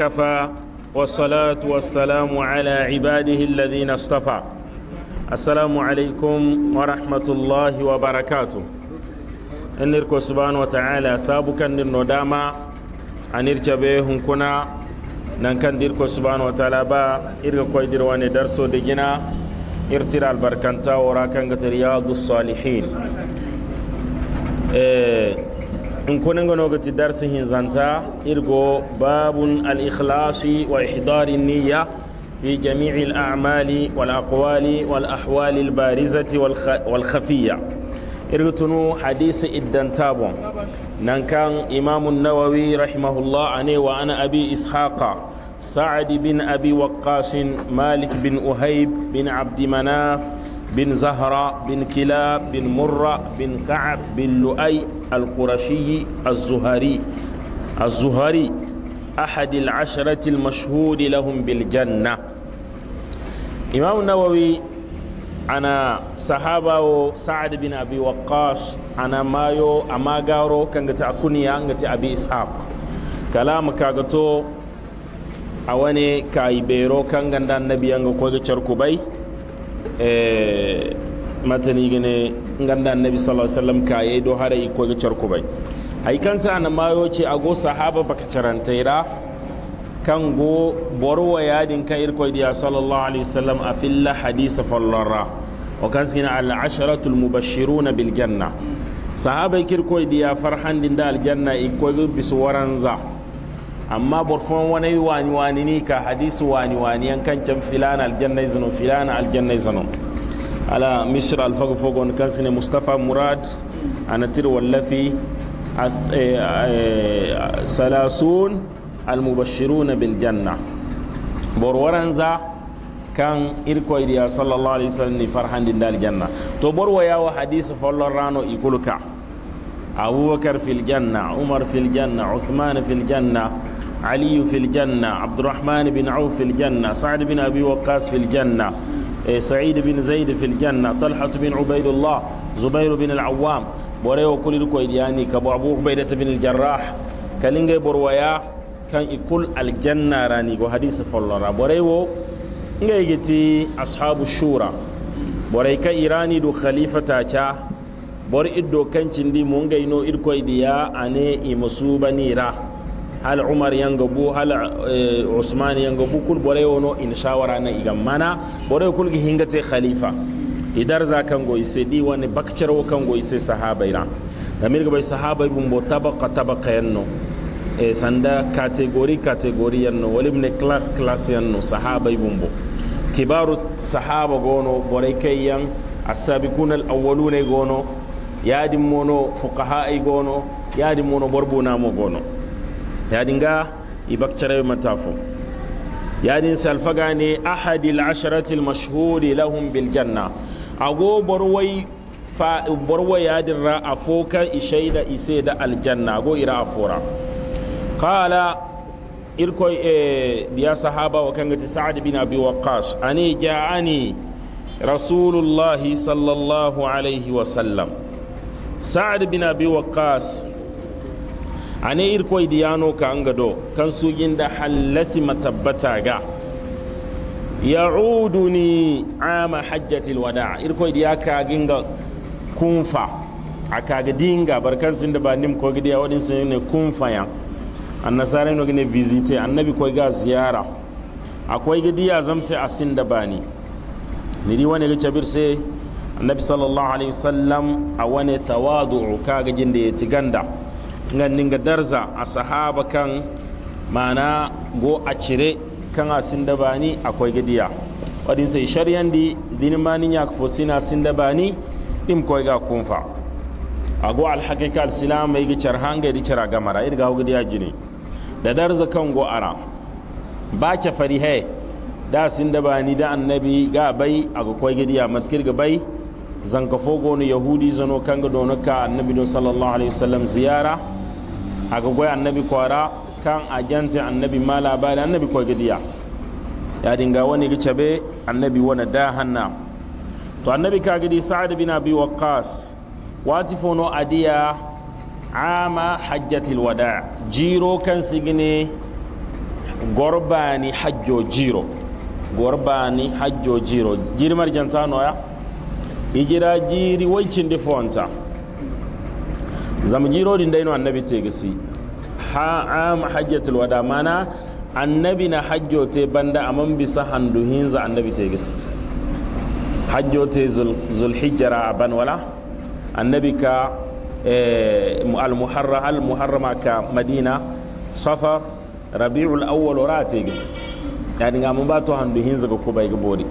كفى والصلاة والسلام على عباده الذين اصطفى السلام عليكم ورحمة الله وبركاته إنركو سبحانه وتعالى سابقا للندامة انركا بيهم كنا ننكن ديركو سبحانه وتعالى با إركو يدرواني درسو ديجنا ارترى البركانتا وراكنة رياض الصالحين إيه in kunan ga lokaci darsin hinzanta irgo babun al-ikhlasi wa ihdari niyya fi jami'i al-a'mali wal akwali wal ahwali al barizati wal khafiyya irgo tunu hadisi iddan tabon nan kan imam an-nawawi rahimahullah ane wa ana abi ishaqa sa'd bin abi waqqas malik bin uhayb bin abd بن زهرة بن كلاب بن مرة بن كعب بن لؤي القرشي الزهري الزهري أحد العشرة المشهود لهم بالجنة إمام النووي أنا صحابة سعد بن أبي وقاص أنا مايو أما غارو كانت أكوني أنت أبي إسحاق كلام كاغتو أواني كايبيرو كان النبي أنغو كوغي E, matani gane ganda annabi sallallahu alaihi wasallam ka yayi do hara iko ga charku bai ai kansa na mayo ce go sahaba baka carantaira kan go borwa yadin kan irko diya sallallahu alaihi wasallam a filla hadisa fallara o kan sina al asharatul mubashiruna bil janna sahaba kirko diya farhan din da al janna iko bisu waranza amma borfon wani wani wani ni ka hadisu wani wani yankan can filana aljanna izinu filana aljanna izinu ala mishir alfagu fogon kan sine mustafa murad anatir wallafi e, salasun almubashiru na biljanna. borwaran za kan irko idiya sallallahu alaihi wasallam ni farhandin dal janna to borwa yawo hadisi follon rano ikulka abubakar filjanna umar filjanna janna uthman fil علي في الجنة عبد الرحمن بن عوف في الجنة سعد بن أبي وقاص في الجنة سعيد بن زيد في الجنة طلحة بن عبيد الله زبير بن العوام بوريو كل الكويدياني كابو أبو عبيدة بن الجراح كلينجي برويا كان يقول الجنة راني وحديث فلورا بوريو نجيتي أصحاب الشورى بوري كإيراني دو خليفة تاچا بوري إدو كانشندي مونجينو إدكويديا أني إمسوباني راه hal umar yan bu hal eh, usman yan bu kul bore wono in shawara na iga mana bore kul gi hingate khalifa idar za kan go ise di wani bakcer wo kan go ise sahabaira damir ga bai sahabai bumbo tabaqa tabaqa yanno e sanda kategori category yanno wali ne class class yanno sahabai bumbo kibaru sahaba gono bore kai yan asabiquna al-awwaluna gono yadin mono fuqaha gono yadin mono borbuna mo gono yadinga ibakcere matafu yadin salfagani ahadil asharatil mashhuri lahum bil janna ago borwai fa borwai yadin ra afoka ishaida iseda aljanna go ira afora qala irko e diya sahaba wa kangati sa'ad bin abi waqqas ani ja'ani rasulullahi sallallahu alaihi wa sallam sa'ad bin abi waqqas ane irkoy diyano ka an gado kan da hallasi matabbata ga ya ni ama hajjati wada irkoy diya ka ginga kunfa akaga dinga barkan sinda ba nim ko a wadin ne kunfa ya annasara no gine visite annabi koy ga ziyara akwai gidiya zamse asinda ni niri wani ga cabir sai annabi sallallahu alaihi wasallam a wani tawadu'u kaga jin da ya ci ganda ganin ga darza a sahaba kan mana go a cire kan a sindabani akwai gidiya wadin sai shari'an di dinin mani ya kafo sina sindabani im koi ga kunfa a go alhakika al-islam mai gicar hanga di cara gamara gidiya jini da darza kan go ara ba ke he da sindabani da annabi ga bai a ga koi gidiya matkir ga bai zanka fogo no yahudi zano kanga dono annabi don sallallahu alaihi wasallam ziyara agogoy annabi kwara kan ajante annabi ma labari annabi kwa gidiya ya dinga wani be annabi wani da hanna to annabi ka gidi sa'ad bin abi waqas wati fono adiya ama hajjatil wada jiro kan sigine gorbani hajjo jiro gorbani hajjo jiro jirmar jantano ya ijira jiri wancin difonta zam jirodin dayno annabi tegasi ha am hajjatul wada mana annabi na hajjo te banda aman bisa handu hinza annabi tegasi hajjote zulhijjara ban wala annabi ka eh, almuharrama ka madina safar rabi'ul awwal wara tegasi yani ga mun ba to handu hinza ga kubai ga bori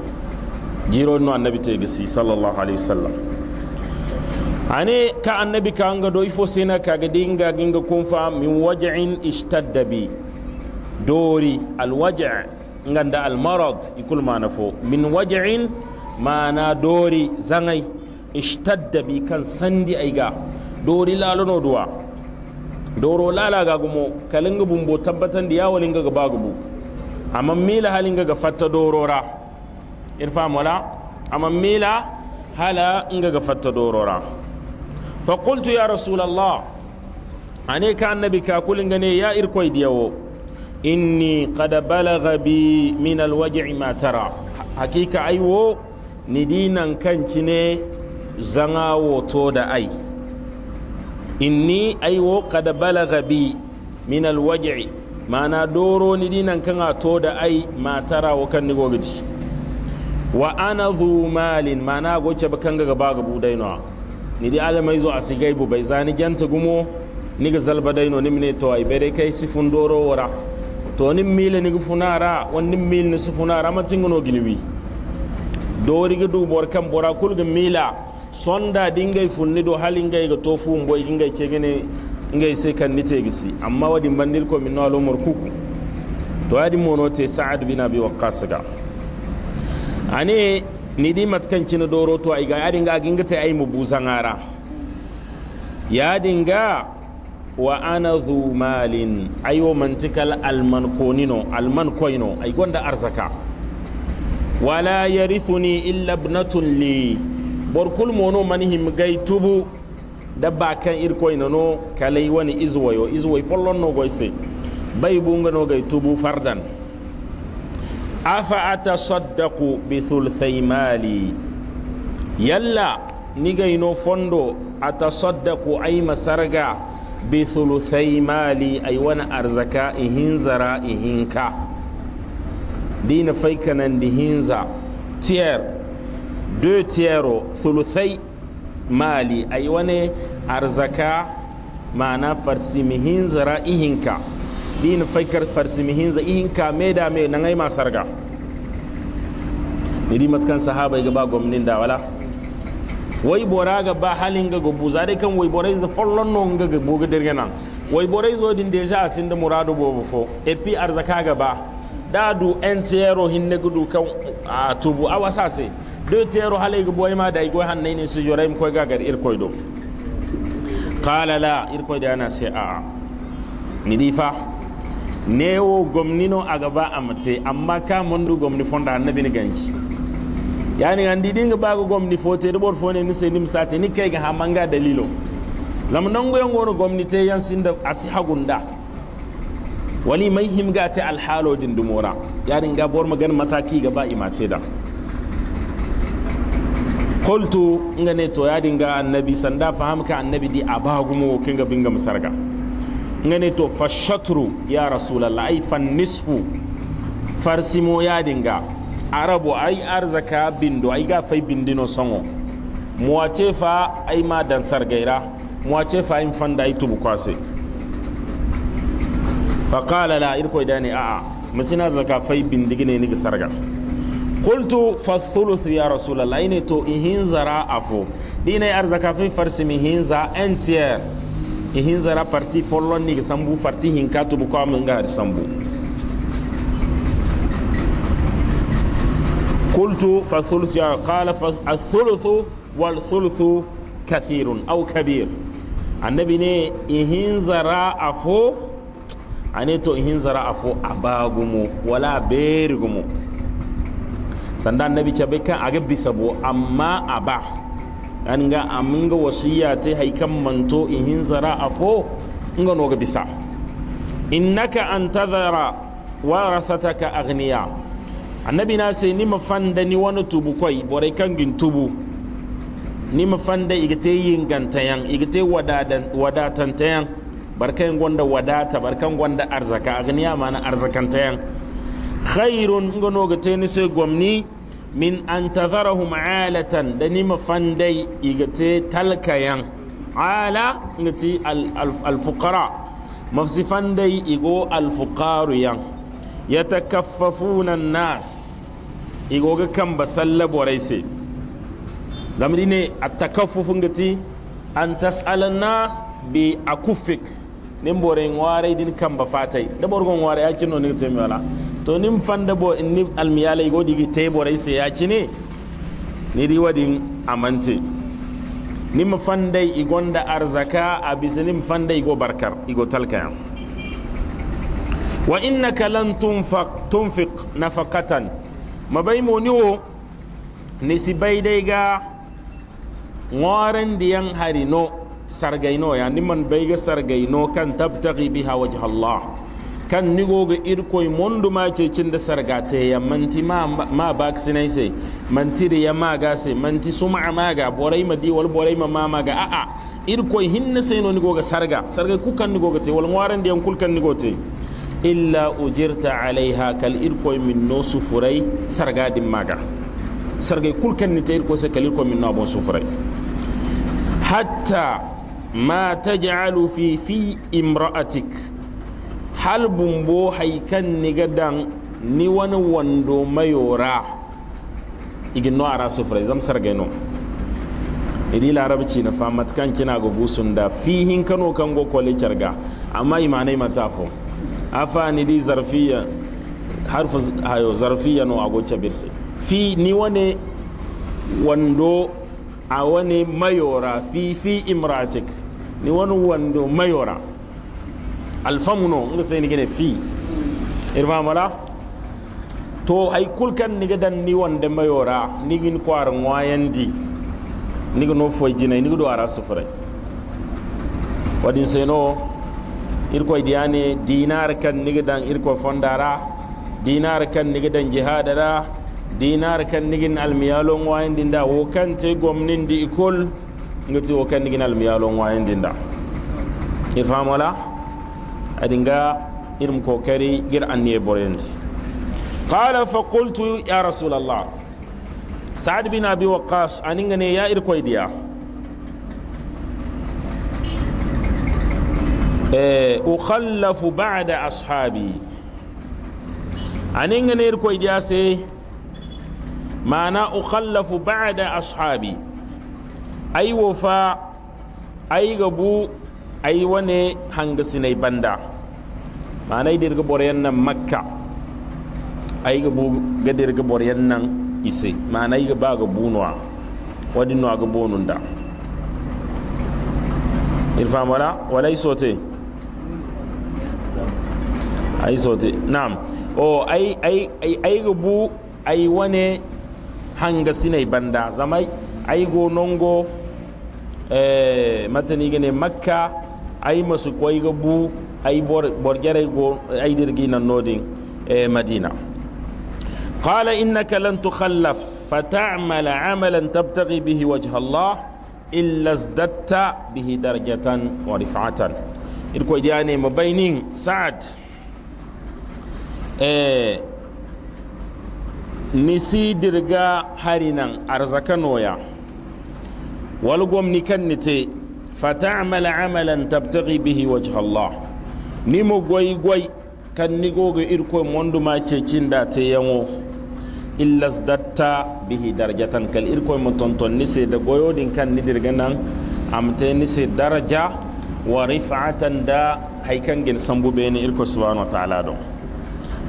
jirodin annabi tegasi sallallahu alaihi wasallam ane ka annabi ka anga do ifo sena kaga dinga ginga kunfa min waj'in ishtadda bi dori alwaja' nganda almarad ikul mana fo min waj'in mana dori zangai ishtadda bi kan sandi aiga dori lalono duwa doro lala ga gumo kalinga bumbo tabbatan da yawalin ga gaba gubu amma mila halin ga fatta dorora irfa mola amma mila hala inga ga fatta dorora fa qultu ya rasulallah ane ka annabi ka kulin gane ya irkoi diyawo inni qad balagha bi min alwaj'i ma tara aiwo ni dinan kanci ne zanga woto da ai inni aiwo qad balagha bi min alwaj'i mana doro ni dinan kan to da ai ma tara kan ni gogiji wa ana dhu malin mana goce bakan ga gaba ga budai ni di ala mai a sigai bu bai zani genta gumo ni ga zalba daino ni mine to ai bere kai sifun doro wara to ni mile ni funara wani mil ni sifunara matin no giniwi dori ga bor kan bora kul ga mila sonda dingai funni do halin gai ga tofu mboy dingai ce gine ngai sai kan nite gisi amma wadi bandil ko min nalo kuku to yadi mono te sa'ad bin abi waqqas ga ani ni di matkan cina doro to ai ga yadin ga ginga ta ai mubusan ara yadin ga wa ana dhu malin ayo mantikal alman konino alman koino ai gonda arzaka wala yarithuni illa ibnatun li borkul mono manihim gai tubu dabba kan irkoino no kalai wani izwayo izwayo follon no goise bai bunga no gai tubu fardan afa ata ku bi thulthai mali yalla ni gaino fondo atasaddaqu ay masarga bi thulthai mali ay wana arzaka ihinzara ihinka dina di hinza tier deux tiero thuluthai mali ay wani arzaka ma'ana ihin ihinka dina faykar farsimihinza ihinka meda me nangai ma ni nidi matkan sahaba ga ba gwamnin da wala wai bora ga ba halin ga gobu zare kan wai bora za fallon non ga gubu ga dirga nan wai bora zo din deja asin da murado bobo fo e pi arzaka ga ba da du entero hin ne gudu kan a tubu a wasa se do tero halai ga boy ma da igoi han nai ne su yorai ko ga gar irkoi do qala la irkoi da na se a ni difa newo gomnino gaba ba mace amma ka mondu gomni fonda na bin ganci yani didi dinga bago gomni fote do borfone ni senim sate ni kai ga hamanga dalilo zaman nan goyon gono gomni te yan sinda asiha gunda wali mai himga ta alhalo din dumora yani ga bor magan mataki ga ba imate da kultu ngane to ya dinga annabi sanda fahamka annabi di abagumo kinga binga musarga ngani to fa shatru ya rasulallah ay fa nisfu farsimo ya dinga arabu ay arzaka bindo ay ga fai bindino songo muwace fa ay ma dansar gaira muwace fa in fanda ay tubu kwase fa qala la irko idani a a musina zaka fai bindigine ni sarga qultu fa thuluth ya rasulallah ne to ihinzara afo dinai arzaka fai farsimi hinza entier Ihin zara parti follon ni sambu parti hinka tubu ko am ngar sambu qultu fa thuluth ya qala fa athuluth wal thuluth kathirun aw kabir annabi ne ihin zara afo ane to zara afo abagumu wala berigumu sanda annabi chabeka kan aga bisabo amma abah an ga amin ga wasiya ta haikan manto in hin zara a ko in ga noga bisa innaka an tazara warathataka agniya annabi na sai ni mafanda ni wani tubu kwai borai kan gin tubu ni mafanda igite yin gantayan igite wadatantayan barkan gwanda wadata barkan gwanda arzaka aghniya mana arzakantayan khairun in ga noga ta ni sai gwamni min an tazarahum alatan da ni nima fandai igate talkayan ala ngati alfukara mafsi fandai igo alfukaru yan ya takaffafuna nas igo ga kan ba sallaborai sai zamani ne a takaffufin ngati an tas'alan nas bi akufik nin borin warai din kan ba fatai da borgon warai yakin no ni temela to nin fanda bo ni almiyala igo digi tebora ise yacine niri wadin amante nima fandai igonda arzaka a bisa nim fanda igo barkar igo talkaya wa innaka lan tunfiq nafaqatan mabai moniwo nisi bai dai ga ngoren diyan harino sargaino ya niman bai ga sargaino kan tabtaghi biha wajha Allah kan ga irkoi mondu ma ke cin da sargata ya manti ma ma vaccinai sai manti da ya maga sai manti suma maga borai ma di wal borai ma ma maga a a hin hinna sai no ga sarga sarga ku kan ga te wal ngwaran da yan kan nigo te illa ujirta alaiha kal irkoi min no sufurai sarga din maga sarga kul kan ni te irko sai kal irkoi min no abon sufurai hatta ma taj'alu fi fi imra'atik hal bumbo haikan ni gadan ni wani wando mayora igino ara sufra zam sargaino idi larabci na famat kan kina ga busun da fihin kano kan go kwale kyarga amma imanai matafo afa ni di zarfiya harfu hayo zarfiya no ago birse fi ni wani wando a wani mayora fi fi imratik ni wani wando mayora alfamuno nga seni gene fi irma mala to hay kulkan niga dan ni wonde mayora nigin kwar ngoyandi niga no foy jinay niga do ara sufray wadin seno irko diyane dinar kan niga dan ko fondara dinar kan niga dan jihadara dinar kan nigin almiyalo ngoyandi nda wo kan te gomnin di ikol ngati wo kan nigin almiyalo ngoyandi nda irfamala adinga irin kokari gir an ne borent qala fa qultu ya rasulullah sa'ad bin abi waqqas aninga ne ya ir koy diya eh ukhallafu ba'da ashabi aninga ne ir koy diya se mana ukhallafu ba'da ashabi ai wofa ai gabu ai wane hanga sinai banda maana dirga boryan nan makka ay ga bu ga dirga boryan nan ise maana ay ga ba ga bunwa wadi no ga bonunda irfan wala wala isote ay sote na'am o ay ay ay ga bu ay wane hanga sinai banda zamai ay go nongo eh matani gane makka ay masu kwai ga bu هاي بور بور جاري اي درجينا نودين مدينة قال إنك لن تخلف فتعمل عملا تبتغي به وجه الله إلا زدت به درجة ورفعة إلكو جاني مبينين سعد إيه نسي درجة هارينا أرزاكا ولقوم نكنتي فتعمل عملا تبتغي به وجه الله Ni mu goyi goyi kan ni goge irko mondu ma cin da te yango illas datta bihi darajatan kal irko mo tonton ni se da din kan ni dirga nan te ni se daraja wa rif'atan da haikan gin sambu be ni irko subhanahu wa ta'ala don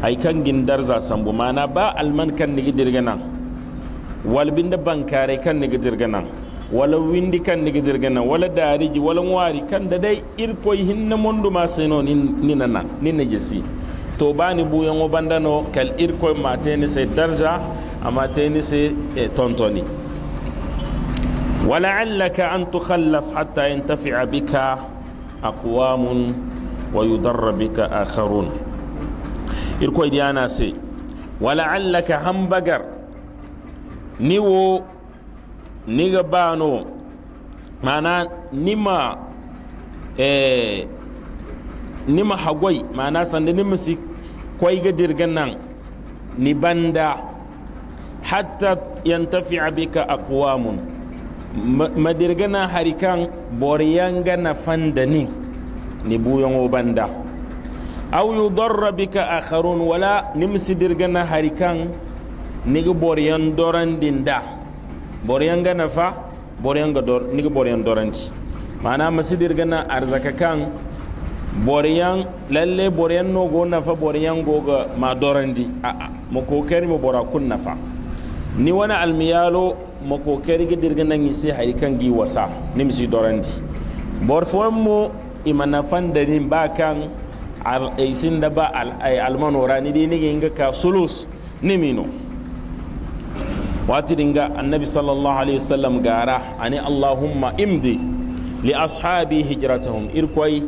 haikan gin darza sambu mana ba alman kan ni dirga nan walbinda bankare kan ni dirga nan wala windi diga dirga gana wala dariji wala kan da dai irpo hinna mondu ma seno ni na nina jesi to bani buya ngo bandano kal irko mateni se darja amateni se sai e, tontoni ولعلك أن تخلف حتى ينتفع بك أقوام ويضر بك آخرون إركو ديانا سي ولعلك ni نيو niga bano mana nima eh, nima hagwai mana sanda nima si kwai ga dirgan ni banda hatta yantafi'a bika aqwamun madirgana harikan boriyanga na fandani ni buyon banda aw yudarra bika akharun wala nimsi dirgana harikan niga boriyan doran dinda boriyan gana fa boriyan ga dor ni boriyan doranci mana masidir gana arzaka kan boriyan lalle boriyan no go nafa boriyan go ga ma dorandi a a mu kokari mu bora kun nafa ni wani almiyalo mu kokari ga dirga nan yi sai hari kan gi wasa ni misi dorandi bor fon mu imana fan da ni ba kan al aisin da ba al almanora ni dai ni ga ka sulus ni mino watidinga annabi sallallahu alaihi wasallam gara ani allahumma imdi li ashabi hijratahum irkwai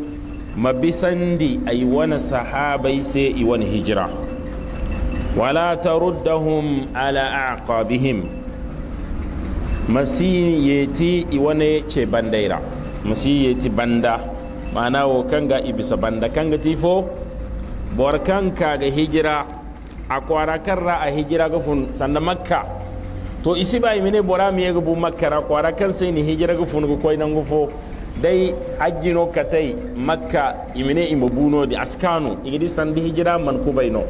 mabisandi ay wani sahabai sai i wani hijira wala taruddahum ala aqabihim masin yeti i wane ce bandaira masi yeti banda mana wo kanga ibisa banda kanga tifo bor kanka ga hijira a kwara karra a hijira gafun sanda makka to isi ba imine bora mi yega bu makka kwara kan sai ni hijira ga funugo koy nan gufo dai ajino katai makka imine imabuno di askanu igidi sandi hijira man ku bayno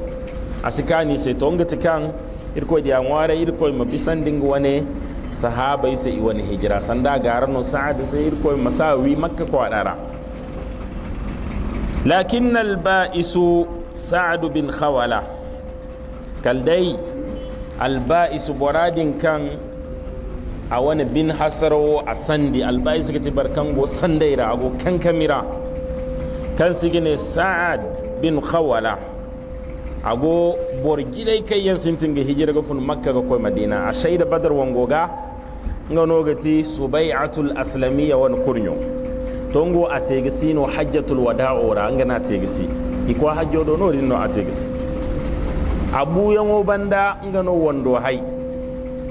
asikani sai to ngati kan irko di anware irko ma dingu wane sahaba sai iwan hijira sanda garano sa'ad sai irko masawi makka kwadara lakin al ba'isu sa'ad bin khawala kaldai alba'isu buradin kan a wani bin hasaro a sandi alba'isu kati kan go sandaira ago kan kamira kan sigi ne sa'ad bin khawala ago borgidai kai yan sintin ga hijira ga fun makka ga koi madina a shaida badar wangoga nga nogati subai'atul aslamiyya wani kurnyo tongo a tegisi no hajjatul wada'ora nga tegisi ikwa hajjo do no a tegisi a buyango banda nga no wondo hay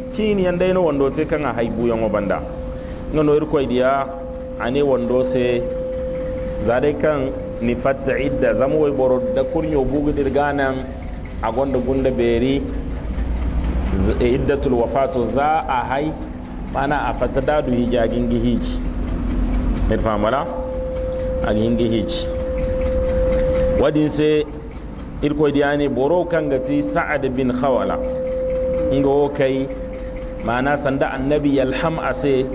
cini yanda no wando te kanga hai buyan obanda nga no irko idiya ane wando se zade kan ni fatta idda zamu way boro da kurnyo bugu dirganan a gonda gunda beri e iddatul wafato za a hai mana a fata dadu hijagin gihici irfamala a gihin gihici wadin sai irko ani boro gati sa'ad bin khawala ngo kai mana sanda annabi yalham ase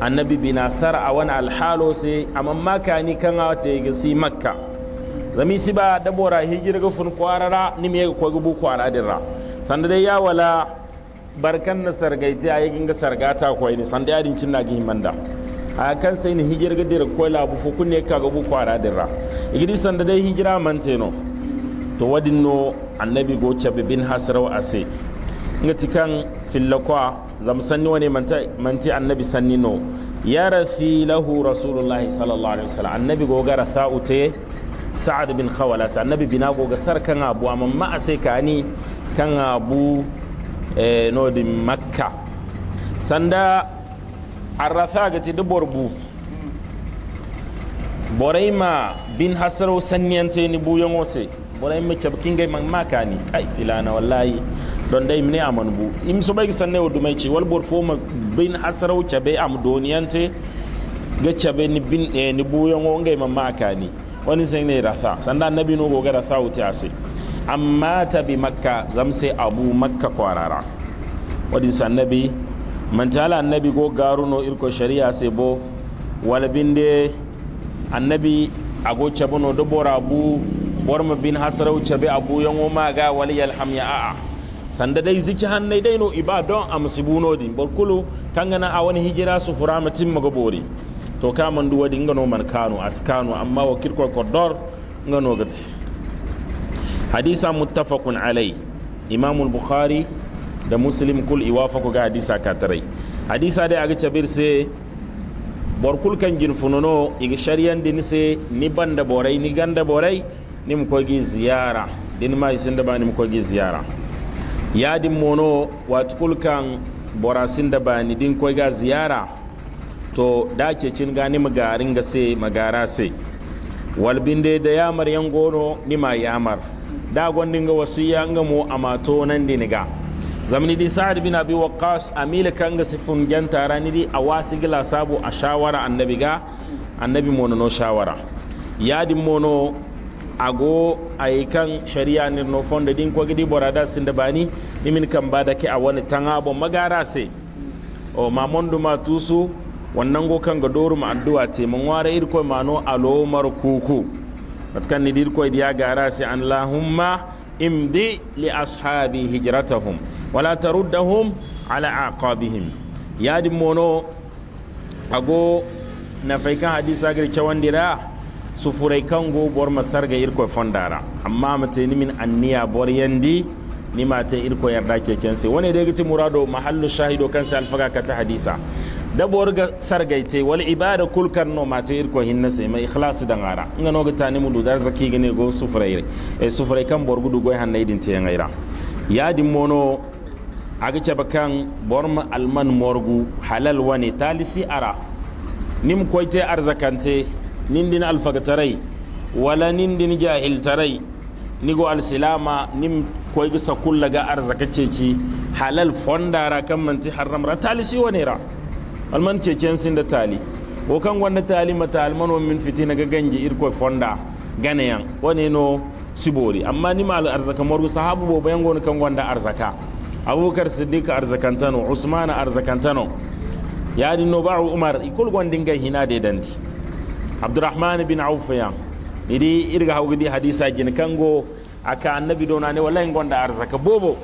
annabi asar awan wani halo se amma makani kan wata gisi makka zami si ba dabora hijira ga fun kwarara ni me ko gubu kwara dirra sanda dai ya wala barkan na sargaiti a yagin ga sargata ko ne sanda ya din cinna gi manda a kan sai ni hijira ga dirra ko labu fu kunne ka gubu kwara dirra igidi sanda dai hijira mante no to wadin no annabi go cha bin hasraw ase ngati kan filla kwa zam sanni wani manta manti annabi sanni no yarathi lahu rasulullahi sallallahu alaihi wasallam annabi go gara ute sa'ad bin khawalas annabi bina go ga sar kan abu amma ma ase kani kan abu eh, no di makka sanda arrafa ga ti duborbu boraima bin hasraw sanni ante ni buyon ose bora imme chab kingai mang makani kai filana wallahi don dai mine aman bu im so bai sanne o dumai ci wal bor fo ma bin hasarau chabe am doniyante ga chabe ni bin eh, ni bu yongo ngai mang makani wani sai ne ratha sanda annabi no go ga ratha uti ase amma ta bi makka zamse abu makka kwarara wadi sannabi mantala annabi go garuno irko shari'a sai bo wala binde annabi ago chabono do bora bu warma bin hasarau cabe abu yango maga wali yalham ya a'a sanda dai ziki hannai dai no iba don amsibuno din barkulu kangana a wani hijira su fura mutum magabori to ka duwa din gano man kano askano amma wa kirko kordor gano gati hadisa muttafaqun alai imam bukhari da muslim kul iwafaku ga hadisa katarai hadisa dai aga cabir sai borkul kan jin funono iga shariyan din sai ni banda borai ni ganda borai mu kogi ziyara din ma isin da ba mu kogi ziyara yadin mono watu kulkan bora da ba ni din koga ziyara to da ke cin gani magarin ga sai magara sai walbinde da yamar yan gono ni ma yamar da gondin ga ya ga mu mato nan ga zamani di sa'ad bin abi waqas amil kan ga sifun jan tara ni di wasi gila sabu a shawara annabi ga annabi mono no shawara yadin mono ago yi kan sharia nir no fonde din ko gidi borada sinde bani imin kan bada ke a wani tangabo magara se o ma mondu ma tusu wannan go kan ga doru ma addu'a te mun ware ir ko mano lomar kuku matkan ni dir ko diya gara se an lahumma imdi li ashabi hijratahum wala taruddahum ala aqabihim yadi mono ago na faikan hadisa kyawan kewandira sufurai kango bor masarga irko fondara amma mate ni min anniya bor yandi ni mate irko yarda ke sai wani da gita murado mahallu shahido kan sai alfaga ka ta hadisa da bor ga sargaite wal ibada kul no mate irko hinna sai mai ikhlas da ngara ngano gita ni mu dar zaki gine go sufurai e furai kan bor gudu goy hanna idin te ngaira ya dimmono aga bor ma alman morgu halal wani talisi ara nim koyte arzakante nindin alfagatarai wala nindin jahiltarai nigo alsilama nim koy gisa kulla ga arzaka ceci halal fondara kan manti haramra tali si ra alman cecen sin da tali wo kan wanda tali mata alman wa min fitina ga ganje irko fonda yan wani no sibori amma ni mal arzaka morgu sahabu bo bayan gona kan wanda arzaka abubakar siddiq arzakantano usman arzakantano ya dinno ba'u umar ikul gondin ga hina de danti abdurrahman bin auf ya idi irga hau gidi hadisa jin kango aka annabi do nane wallahi gonda arzaka bobo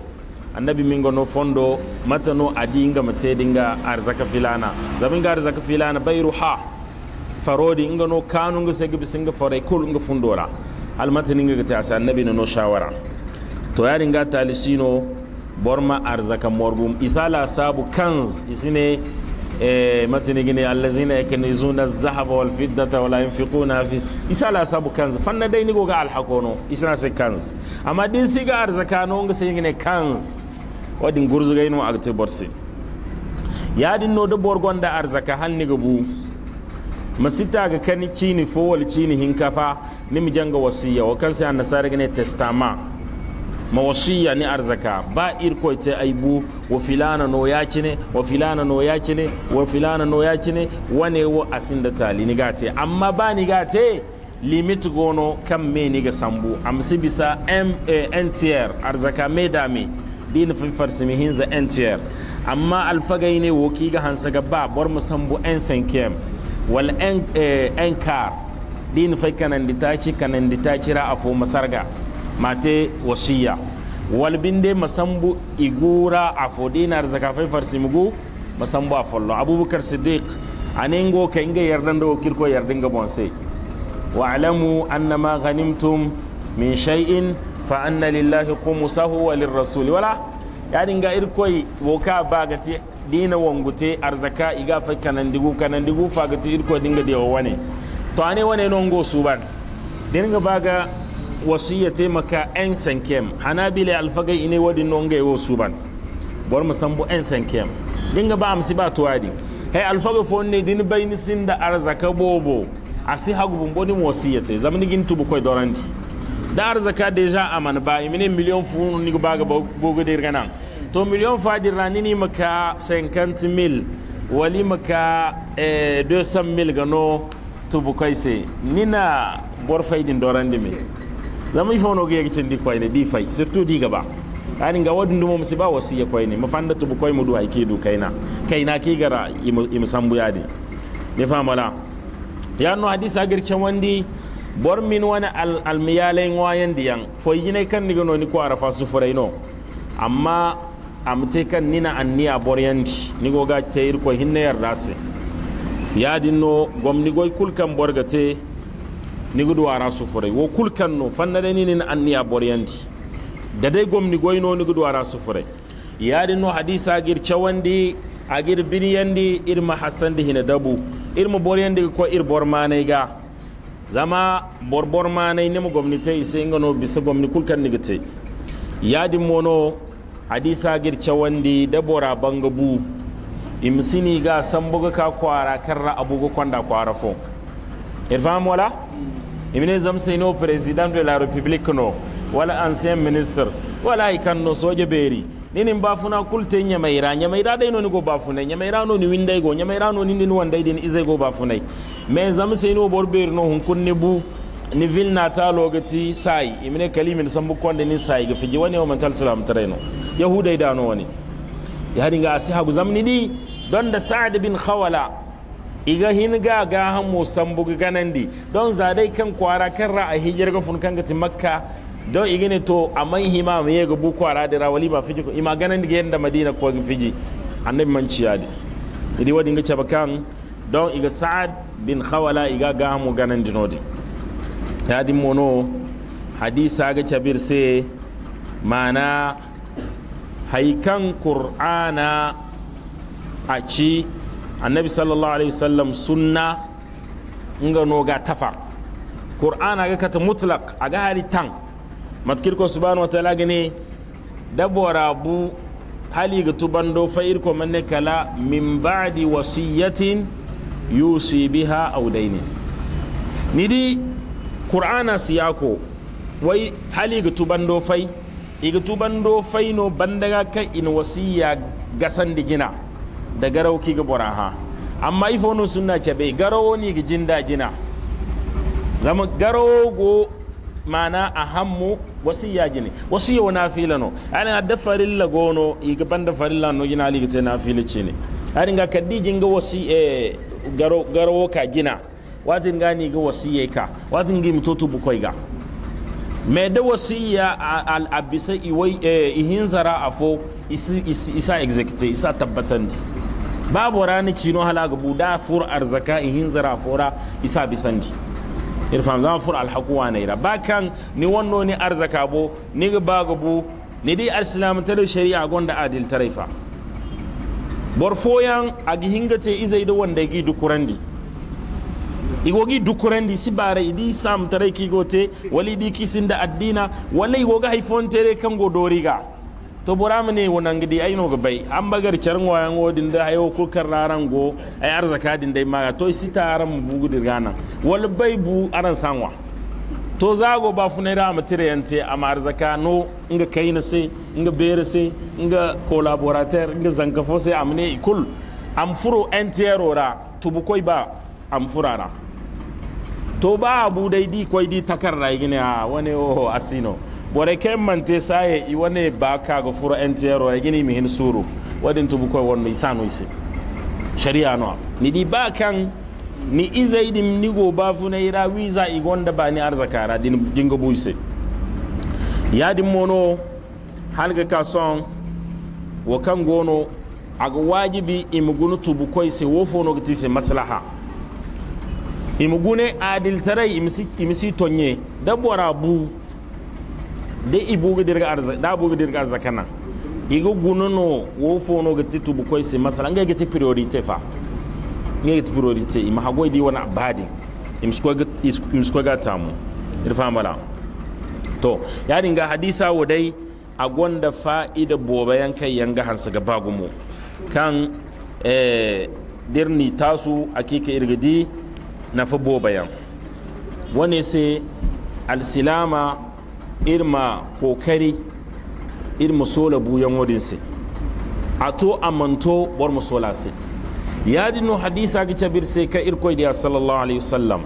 annabi min gono fondo matano adinga matedinga arzaka filana zabinga arzaka filana bayruha farodi ingano kanu nga segi bisinga fore kul nga fundora al almatani nga gata asa annabi no shawara to yari nga talisino borma arzaka morgum isala sabu kanz isine Eh, matini gine allazina yakunizuna az-zahaba wal fiddata wala yunfiquna fi isala sabu kanz fanna dai ni goga alhakono isna sai kanz amma din siga arzakano nga sai gini kanz wadin gurzu gaino agte borsi yadin no da arzaka hanni gabu masita ga kani cini fo wal cini hinkafa nimi janga wasiya wa kansa annasara gini testama mawasiya ni arzaka ba irko te aibu wa filana no yakine wa filana no yakine wa filana no yakine wane asin da tali ni gate amma ba ni gate limit gono kan me ni ga sambu amsi bisa ntr arzaka me dami din fi mi hinza ntr amma alfagai ne woki ga hansa ga ba bor musambu n sankem wal n car eh, din fai kanan ditaci kanan ra afu masarga mate wasiya walbinde masambu igura afodinar zakafai farsimugu masambu afollo abubakar siddiq anengo inga yardan do kirko yardinga bonse wa'lamu annama ganimtum min shay'in fa anna lillahi khumsahu wa lirrasul wala ya dinga irkoi woka bagati dina wangute arzaka iga fa kanandigu kanandigu fagati irko dinga dewa wane to ane wane nongo suban dinga baga iya maka 'yan sankem hanabila alfagai ine wadi nonga su suban bar mu bu 'yan sankem dinga ba amsi ba tuwadi hai alfagai alfaga ne din nisin da arzaka bobo si hagu bumboni wasiyate zamani gin tubu kai doranti da arzaka deja aman ba imine miliyon funu ni ga bogo da ganan to fadi rani ni maka sankanti mil wali maka eh, 200 mil gano tubu kai sai nina bor faydin dorandi mai zama ifo no gege cin dikwai ne difai fai surtout di gaba ani ga wadun dumo wasi ya kwai ne mafanda tubu kwai mu duwa ke du kaina kaina ke gara im sambu ya ne ne famala ya no hadisi agirce wandi bor min wani almiyalen wayan diyan fo yine kan ni gono ni ko arafa su furai no amma amte kan nina anniya bor yandi ni go ga tayir ko hinne yar rase ya dinno gomni goy kulkan borgate nigudu wara sufurai wo kulkanno fannade ninin anniya boryandi dadai gomni goyno nigudu wara sufurai no hadisa gir chawandi agir biniyandi irma di hina dabu irma boryandi ko ir bormanay ga zama borbormanay nima gomnitey sengano bisa gomni kulkan nigitey yadin mono hadisa gir cawandi dabora bangabu imsini ga sambuga ka kwara karra abugo kwanda kwara fo irfam wala imine zamsino président de la république no wala ancien ministre wala no soje beeri ninin bafuna kulte ñamayra ñamayra ɗay noni go nyamaira no ni windai go ñamayra noni ndin wanday din isay go bafunay mais zam seyno bor beeri no hun kunne bu ni ville ta ti sayi imine kalimin sambu konde ni sayi ga fiji wani omantal salam tarayno yahuday dano wani yahadi nga asi hagu zamni ɗi don da sa'd bin khawala iga hin ga han mo sambuga ganandi don dai kan kwara kan ra a hijir ga fun kan gati makka don igine to amman hima mai ga bu kwara da rawali ba fiji ko ima ganan ga yanda madina ko ga fiji annabi man di idi wadin ga cabakan don iga sa'ad bin khawala iga ga mu ganandi nodi yadin mono hadisa ga cabir sai mana haikan qur'ana a ci annabi sallallahu alaihi wasallam sunna nga no ga tafa qur'an aga kata mutlaq aga hali tan matkir ko subhanahu wa ta'ala gani dabora bu hali ga tubando fa'ir ko manne kala min ba'di wasiyatin yusi biha aw daini nidi qur'ana siyako wai hali ga tubando fai iga tubando fai no bandaga kai in wasiya gasan digina da garau ga boraha amma suna sunna bai garawo ni ga jinda jina zama garawo go mana a hammu wasiya gini wasiya wa nafila no ani la farilla gono iga banda farilla no gina ali gite ce ne ani ga kaddi jinga wasi eh garo ka gina watin ga ni ga wasiya ka wajin gi mitotu bukoi ga me da wasiya al abisa iwai eh ihinzara afo isa execute isa tabbatanti babu rani cino halaga buda fur arzaka ihin zara fura isa bisandi irfam zama fur alhakuwa naira bakan ni wanno ni arzaka bo ni ga bu ni dai alsilam ta da shari'a gonda adil taraifa borfoyan agi te izai da wanda gi dukurandi igogi dukurandi si bare idi sam tarai ki gote wali di da addina wala igoga haifontere kan godoriga to boramu ne wonan gidi ay no gabay an bagar kyarin wayan din da hayo kukar raran go ay arzaka din dai maga to sita aran mu bugu dirgana wal bai bu aran sanwa to zago ba funera am a ma arzaka no nga kayna se nga bere se nga collaborateur nga zankafo se amne ikul am furo entiero ra bu koi ba am furara to ba abu dai di koi di takarra igine a wani o asino ke mante saye i wane ba fura furo tiyarwa ya gini mihin suru wadda tubu wani isa isanu isi sharia nawa. ni di ba kan ni izai ni go ba funa ira wiza igon da ba ni arzakara din dinga isi ya yadi mono halga ka son wa kan gono aga wajibi imugunu tubu koy se wofo fono gati se maslaha imugune adiltarai imisi tonye dabbara bu de ibu ga dirga arza da ga dirga arza kana igo gunono wo fono ga titu bu koy se masala nga ga ti priority fa nga ga ti priority ima mahago di wana badi im sko ga im sko ga tamu irfa mala to ya dinga hadisa wadai a gonda fa'ida boba yankai yanga hansa ga bagumo kan eh dirni tasu akika irgidi na fa bobayan wani sai silama irma kokari irma sola buyan wadinsa a to a bar mu sola se ya dinu hadisa ga cabir sai ka irko da sallallahu alaihi wasallam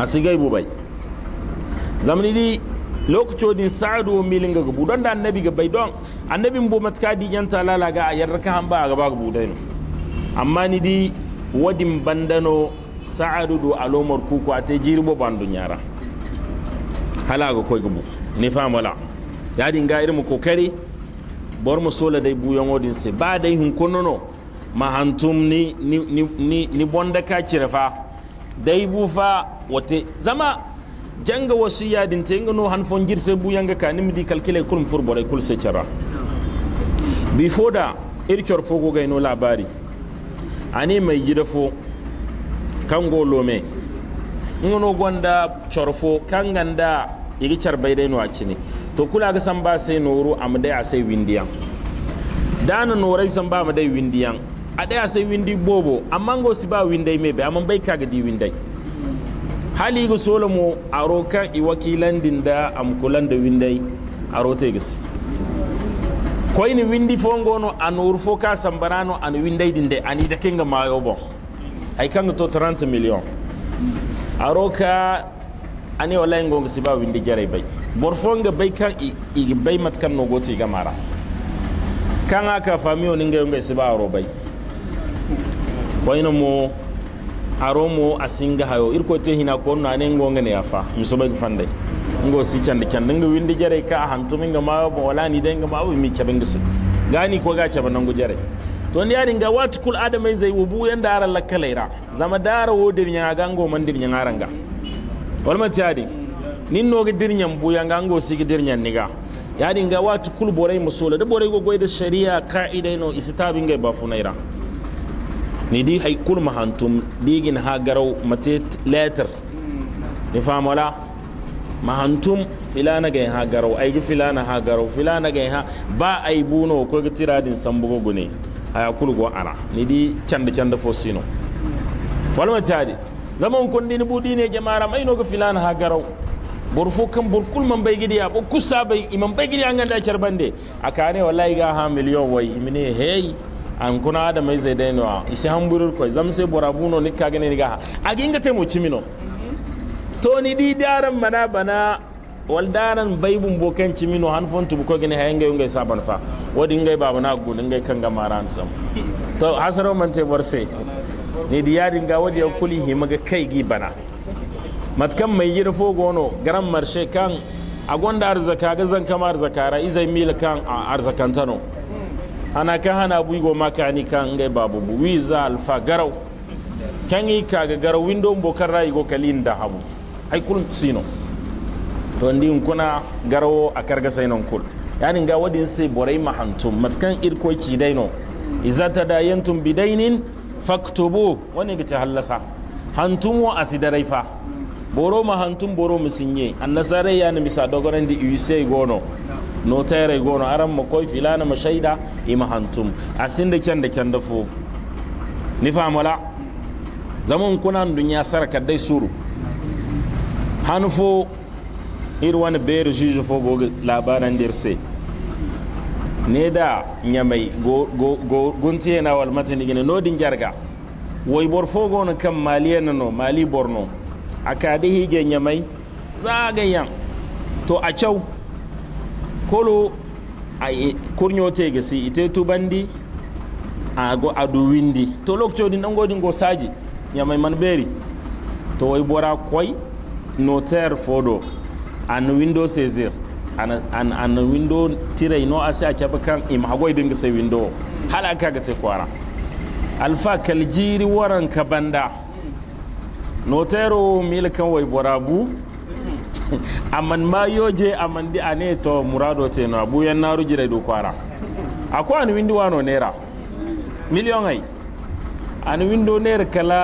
a sigai bubai zamani di lokacin din sa'adu milin ga don da annabi ga bai don annabi bu matka di yanta talala ga yarra ka ba a gaba gubu dai amma ni di wadin bandano sa'adu do alomar kuku a ta jirbo bandun yara halaga gubu ni ya yadin ga irmu kokari bor mu sola dai buyon din se ba dai hun konono ma hantum ni ni ni ni bonda ka cirefa dai bu fa wote zama janga wasiya din te ngano han fon girse buyan yanga ka nimdi kalkile kulum bore kul se cara before da ircor fogo gaino labari ani mai gida fo kango lome ngono gwanda chorfo kanganda igi charbai dai no acini to kula ga san ba sai noru dai a sai windiyan dana norai san ba dai windiyan a dai a sai windi bobo amma ngo si ba windai mebe amma bai ga di windai hali ga solomo a rokan i wakilandin da amkulan da windai a rote gis ni windi fo ngono a noru fo ka sambarano an windai dinde ani da kinga mayo bon ay kanga to 30 million aroka ani wallahi ngonga siba windi jere bay borfonga bay kan i bay mat kan no goti gamara kan aka famiyo ninga yonga siba aro bai wayno mo aro mo a asinga hayo irko te hina ko na ne ngonga ne afa musoba fande ngo si cande cande nga windi jere ka hantuminga ma wala ni denga ma mi cabenga gani ko ga nan nangu jere don yarin ga wata kul adamai zai wubu yan da aran laira zama dara wo dirnya ga ngo man dirnya aranga wal ma tiadi nin no ga dirnya bu yan gango ngo sigi dirnya niga yarin ga watu kul borai musula da borai gogoi da sharia kaida no isitabin ga ba funaira ni di hay kul mahantum digin ha garau mate letter ni famola mahantum filana ga ha garau ai filana ha garau filana ga ha ba ai buno ko ga tiradin sambugo gune haya kulgo ana ni di canda canda fo sino walma tadi zaman kondi din budi ne jamaara mai no go filana ha garau borfo kan borkul man bay gidi ya kusa bay imam bay gidi an ganda char bande akane wallahi ga ha miliyon wai imine hey an kuna da mai zai dainowa isi hamburur ko zam sai borabuno ni kagane ni ga ha aginga temo chimino to ni di daran mana bana wal danan baybun bokan cimino han fontu ko gine hay gayun ngay saban fa wodi ngay babu na gudu kan kanga maran sam to hasaro man te borse ni diya yadi ga ya kuli hi maga kai gi bana matkan mai yir fo gono garan marshe kan a gonda arzaka ga zan kama arzakara izai mil kan a tano ana kan hana buigo makani kan ngay babu wiza alfa garau kan yi kaga garau window bokar rayi go kalinda habu ai kulun sino tondi kuna garo a karga sainon kul yani ga wadin sai borai mahantum matkan irkoki daino iza ta dayantum bidainin faktubu wani ga ta hallasa hantum wa asidarai fa boro mahantum boro musinye ya ni misa dogoran di iwisai gono no tare gono aran ma koi filana ma shaida i mahantum asin da kyan da kyan da fu ni famala zaman kuna dunya sarka dai suru hanfo iri wani beri jijo fogo labaran dirse ne da nyamai yana na walmatin gina nodin jarga wai bor fogo na kan maliyan na no mali borno a kadi hige nyamai zagayen to a cau kolo a e, kurnyo te gasi ite tubandi a go adu windi to lokacin dan godin go saji nyamai man beri to wai bora koi noter fodo an window sezir an an window tirai no ase a kaba kan im hagoi dinga sai window hala ka ga te kwara alfa kaljiri waran ka banda notero milkan wai borabu amman ma yoje amman di ane to murado te no abu yan naru jira do kwara akwa an window wano nera miliyon ai an window naira kala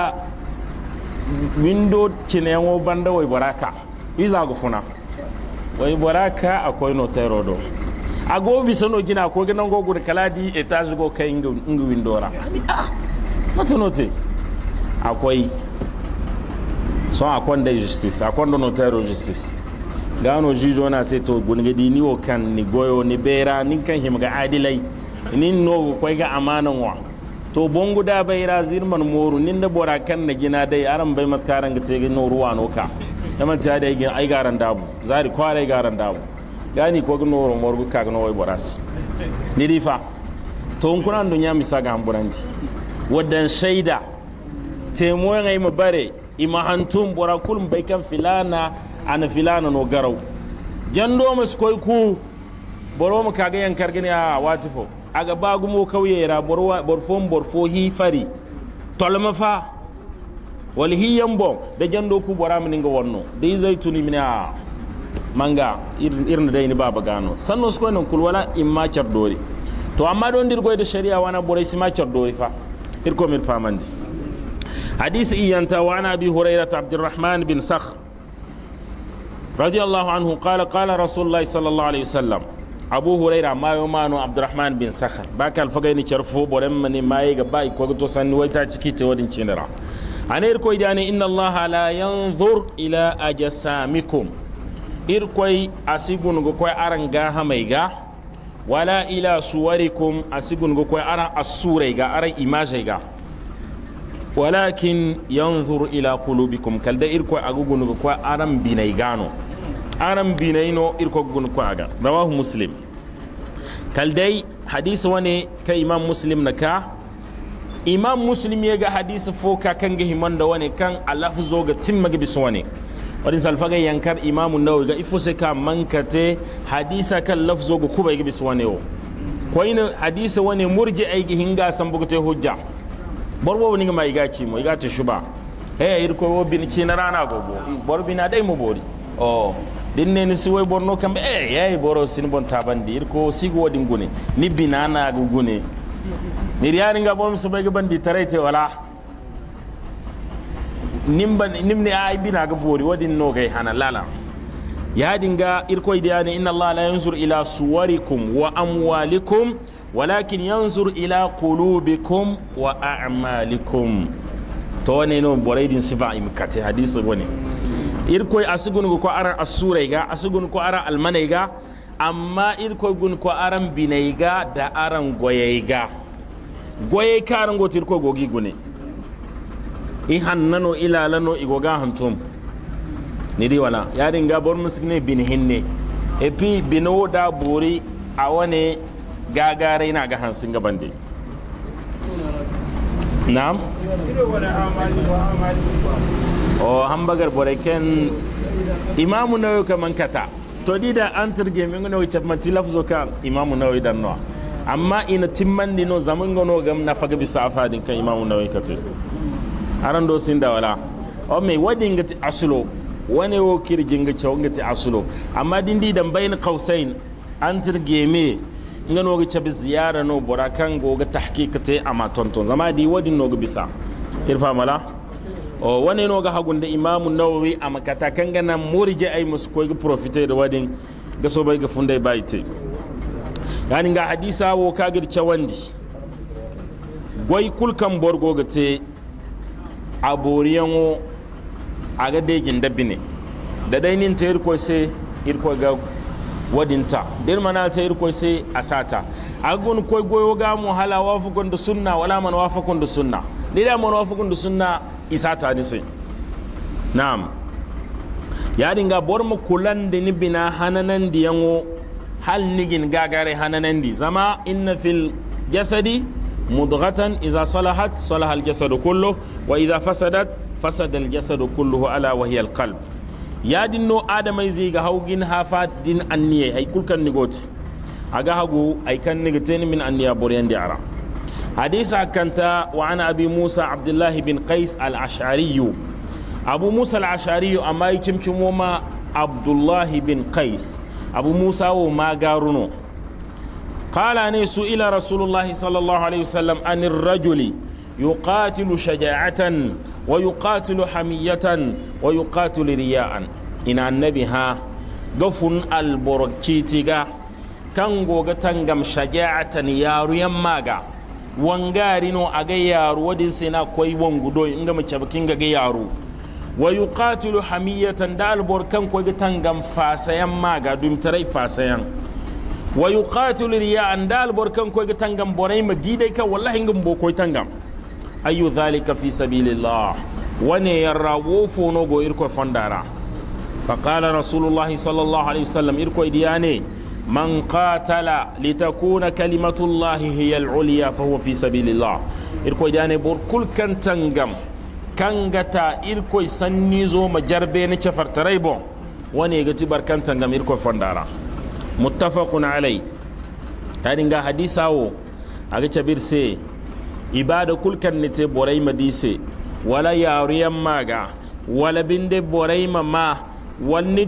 window cinewo banda wai baraka iza funa oyi bora ka akwai no tero do ago bi sono gina ko gina go gur kala di etage go kai ngi ngi windora ah note akwai son akwai da justice akwai da no tero justice gano jijo na sai to gungadi ni o kan ni goyo ni bera ni kan him ga adilai ni no kwai ga amanan wa to bongu da bai razir man moru nin da bora kan na gina dai aran bai maskaran ga te no ruwa no ka na ta a igin ai garan dabu zari kware garan dabu gani ko gno ro morgu ka gno wai boras ni difa to on an dunya misa ga amburanci wadan shaida temo ngai mabare bare ima hantum bora kulum bai kan filana ana filana no garau jando mas skoi ku boro mu kaga yankar gani a watifo aga bagumo kauye ra borwa borfon borfo hi fari tolma fa wali hiyan bon da jando ku bora mini ga wannu da zai tuni mini a manga irin da ni baba gano sannu su kwanin kulwala in ma dori to amma don dirgo da shari'a wana borai si ma dori fa irko min famandi hadisi iyanta wa ana bi hurairah abdurrahman bin sakh radiyallahu anhu qala qala قال sallallahu alaihi wasallam الله abu huraira mayo mano abdurrahman bin sakh ba ka alfagai ni charfo boren mani maye ga bai ko to sanni wai ta ciki ta wadin cinara ana irkoy dani inna allaha la yanzur ila ajsamikum Irkoi asigun go koi aran ga hamai ga wala ila suwarikum asigun go koi aran asurai ga aran image ga walakin yanzur ila qulubikum kalda irkoi agugun go koi aran binai gano aran binai no irkoi gun ko aga rawahu muslim kaldai hadisi wani kai imam muslim na ka imam muslim ya ga hadisi foka kan ga himan da wani kan zo ga timma ga bisu wani wadin salfaga yankar imamu na ga ifo sai ka mankate hadisa kan zo ga kuba ga bisu wani ko ina hadisa wani murji aiki ga hinga san bugate hujja borbo wani ga mai gaci mu ga ta shuba ya ir ko bin ci na rana gogo borbi na dai mu bori oh din ne ni siwai borno kambe eh yayi boro sin bon tabandi ir ko sigo wadin gune ni binana gugune niryaninga bon gaban bandi ce wala nimba nimne bina ga bori wadin gai hana lala Ya dinga yadinga irkoyde yani inna Allah la yanzur ila suwarikum wa amwalikum walakin yanzur ila qulubikum wa a'malikum to wane no din sifa im kate hadis woni irkoy asugun ko asurai ga asugun ko almanai ga amma irkoy gun ko aran ga da aran ga. goye karin gotir ko gogi gune i hannano ilalano igoga hantum ni di wala yarin ga bor musikne bin hinne e pi binowo da buri a wane gagare ina ga hansin gaban dai na'am o hambagar bore ken imamu nawo kaman kata to di da an turge min nawawi chapman tilafzo kan imamu nawo dan nawa amma ina timmandi no zaman gano gam na faga bisa afadin kan imamu na katil aran do sin da wala o mai wadin gati asulo wane wo kirgin ga cewa gati asulo amma dindi dan bayin kausayin an tirgeme ngano ga cabi ziyara no bora kan go ga tahqiqate amma tonton zama di wadin no ga bisa irfa mala o wani no ga hagun da imamu nawawi a makata kan gana nan murje ai musu ko ga profite da wadin ga so bai ga fundai te. gani nga hadisa wo kagir wandi gwai kulkan borgo ce a wo a ga dabi ne da dainin ta irko se irko ga wadinta dir mana ta irko se a sata a gani koy goyo ga mu hala wafakun da sunna wala man wafakun da sunna ni da man wafakun da sunna isata ni sai na'am ya dinga bor mu kulan da ni bina hananan diyanwo halligin gagare di zama inna fil jasadi mudghatan iza salahat salahal jasadu kullu wa iza fasadat fasadal jasadu kulluhu ala wa hiya al ya adamai zai ga haugin hafa din anniye ay kulkan nigoti aga hagu ay kan nigatin min anniya buriyan di ara حديث abi وعن أبي bin عبد al بن abu musa al موسى amma أما يتمشموما عبد abdullahi bin qais abu musa wo ma garuno qala ne su ila rasulullahi sallallahu alaihi wasallam anir rajuli yuqatilu shaja'atan wa yuqatilu hamiyatan wa yuqatilu riya'an ina annabi ha gafun alborkitiga kan goga tangam shaja'atan yaru yammaga wangari no aga yaru wadin sina koi wangudo inga mace bakin ga yaru wa yuqatilu hamiyatan da alborkan ko ga tangam fasayan ma ga dum tarai fasayan wa yuqatilu riya'an da alborkan ko ga tangam borai ma didai kan wallahi ngam ayu dhalika fi irko fandara فقال رسول الله صلى الله عليه وسلم إركو إدياني من قاتل لتكون كلمة الله هي العليا فهو في سبيل الله إركو إدياني بور كل كان تنغم kangata irkoy sannizo ma jarbeni cefartaray bon ga gati barkanta gam irkoy fondara muttafaqun alai kadi nga hadisa a aga cabir se ibada borai borayma dise wala yariyan maga wala binde borayma ma wanni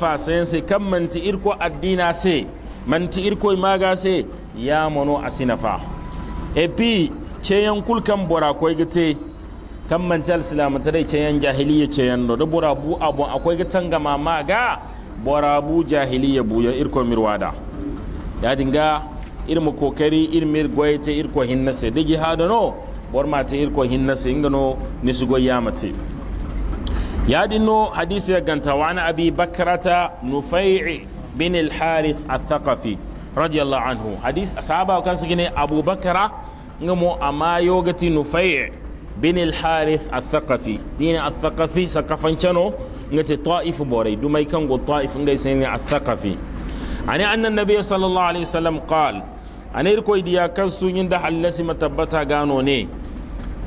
fasayen sai kan manti irko addina se manti irko maga se mono asinafa et epi ceyan kulkan bora koygete kan man ta dai ceyan jahiliya ceyan da do borabu abu akwai ga tanga mama ga borabu jahiliya buya irko mirwada ya dinga irmu kokari irmir ta irko hinnase digi hada no borma te irko hinnase ingano nisugo yamate ya dinno hadisi ya ganta wa na abi bakarata nufai'i bin al-harith al-thaqafi radiyallahu anhu hadis asaba kan gine abubakara ngamo amma yogati nufai'i bin al-harith al-thaqafi dina al-thaqafi sakafan chano ngati ta'if boray dumay kango ta'if ngay seni al-thaqafi ani anna nabiy sallallahu alaihi wasallam qal anir koy diya kan sunyin da hallasi matabbata gano ne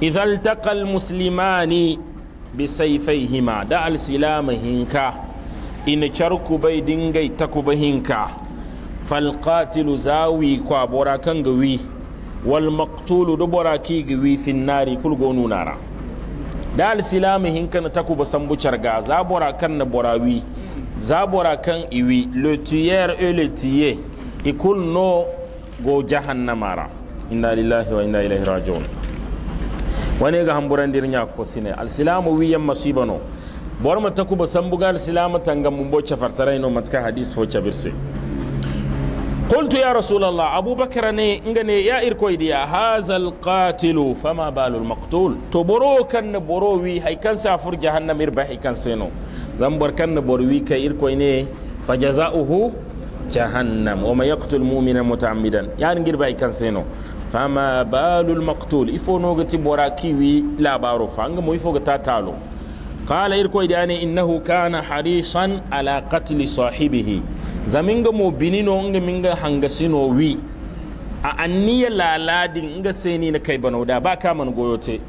idza altaqa al-muslimani bi sayfayhima da al hinka in charku bai dingai takubahinka hinka qatilu zawi kwa bora kan gawi wal maqtulu do boraki ga wi finnari kul gonu da al silami hinkan taku basan bucar ga za bora kan na borawi za bora kan iwi le tuyer e le tiye ikul no go jahannamara inna lillahi wa inna ilaihi raji'un wani ga hamburan dirnya fosine al silamu wiyan masibano bor mataku basan bugal silama tangam mumbo chafartarai no matka hadis fo chabirse قلت يا رسول الله أبو بكر ني إنغني يا إركويديا هذا القاتل فما بال المقتول تبرو كان بروي هي كان سافر جهنم إربحي كان سينو زنبر كان بروي كي ني فجزاؤه جهنم وما يقتل مؤمنا متعمدا يعني إربحي كان سينو فما بال المقتول إفو نوغتي وي لا باروف أنغمو إفو تاتالو قال إركويديا يعني إنه كان حريصا على قتل صاحبه zaminga mo no nga minga sino wi a anniya laladin nga seni na kai banauda ba ka man goyote